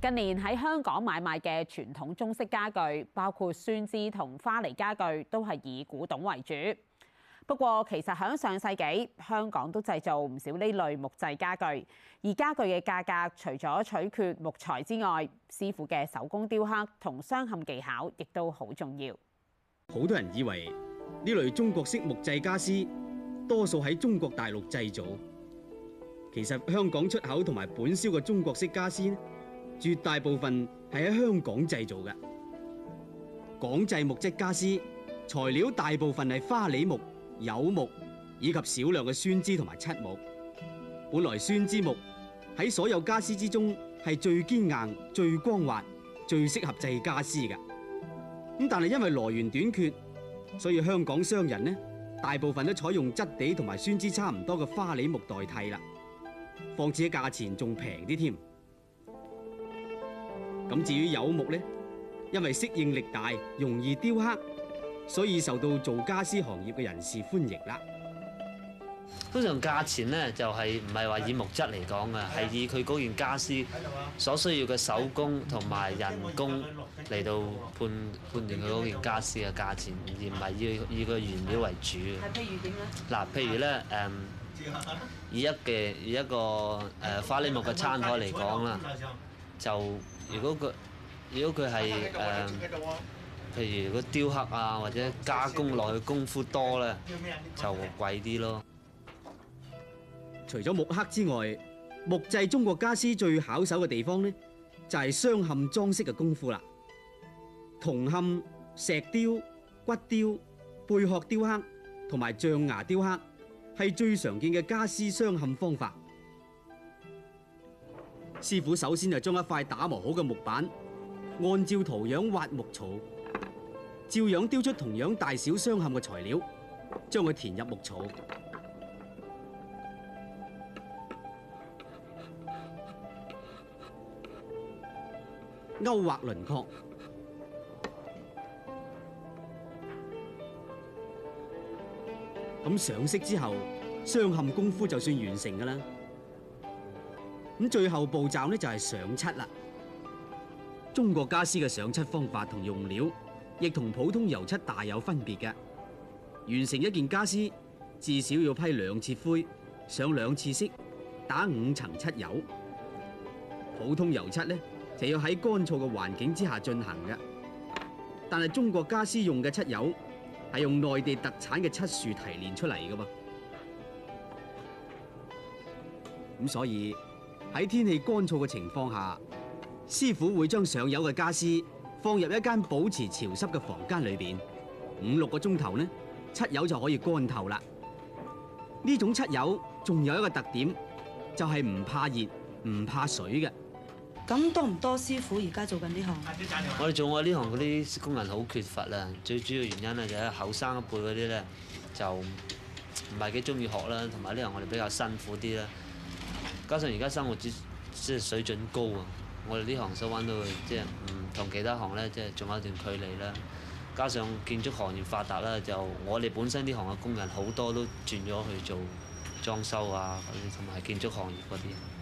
近年喺香港買賣嘅傳統中式傢俱，包括酸枝同花梨傢俱，都係以古董為主。不過其實喺上世紀，香港都製造唔少呢類木製傢俱。而傢俱嘅價格，除咗取決木材之外，師傅嘅手工雕刻同鑲嵌技巧，亦都好重要。好多人以為呢類中國式木製傢俬多數喺中國大陸製造，其實香港出口同埋本銷嘅中國式傢俬呢，絕大部分係喺香港製造嘅，港製木質家私材料大部分係花梨木、柚木以及少量嘅酸枝同埋漆木。本來酸枝木喺所有家私之中係最堅硬、最光滑、最適合製家私嘅。咁但係因為來源短缺，所以香港商人呢大部分都採用質地同埋酸枝差唔多嘅花梨木代替啦，況且價錢仲平啲添。咁至於柚木咧，因為適應力大，容易雕刻，所以受到做傢俬行業嘅人士歡迎啦。通常價錢咧就係唔係話以木質嚟講嘅，係以佢嗰件傢俬所需要嘅手工同埋人工嚟到判判斷佢嗰件傢俬嘅價錢，而唔係以以佢原料為主嘅。嗱，譬如咧，誒，以一嘅以一個誒花梨木嘅餐台嚟講啦。就如果佢如果佢係誒，譬如如果雕刻啊或者加工落去功夫多咧，就會貴啲咯。除咗木刻之外，木製中國傢俬最考手嘅地方咧，就係鑲嵌裝飾嘅功夫啦。銅嵌、石雕、骨雕、貝殼雕刻同埋象牙雕刻係最常見嘅傢俬鑲嵌方法。師傅首先就將一塊打磨好嘅木板，按照圖樣挖木槽，照樣雕出同樣大小鑲嵌嘅材料，將佢填入木槽，勾畫輪廓。咁上色之後，鑲嵌功夫就算完成㗎喇。咁最後步驟呢，就係上漆啦。中國家私嘅上漆方法同用料，亦同普通油漆大有分別嘅。完成一件家私，至少要批兩次灰，上兩次色，打五層漆油。普通油漆呢，就要喺乾燥嘅環境之下進行嘅。但係中國家私用嘅漆油，係用內地特產嘅漆樹提煉出嚟嘅噃。咁所以。喺天氣乾燥嘅情況下，師傅會將上油嘅傢俬放入一間保持潮濕嘅房間裏邊，五六個鐘頭呢，漆油就可以乾透啦。呢種漆油仲有一個特點，就係唔怕熱、唔怕水嘅。咁多唔多師傅而家做緊呢行？我哋做緊呢行嗰啲工人好缺乏啦，最主要原因啊就係後生一輩嗰啲咧就唔係幾中意學啦，同埋呢行我哋比較辛苦啲啦。加上而家生活只即係水準高啊，我哋呢行收翻到，即係唔同其他行咧，即係仲有一段距離啦。加上建築行業發達啦，就我哋本身呢行嘅工人好多都轉咗去做裝修啊嗰啲，同埋建築行業嗰啲。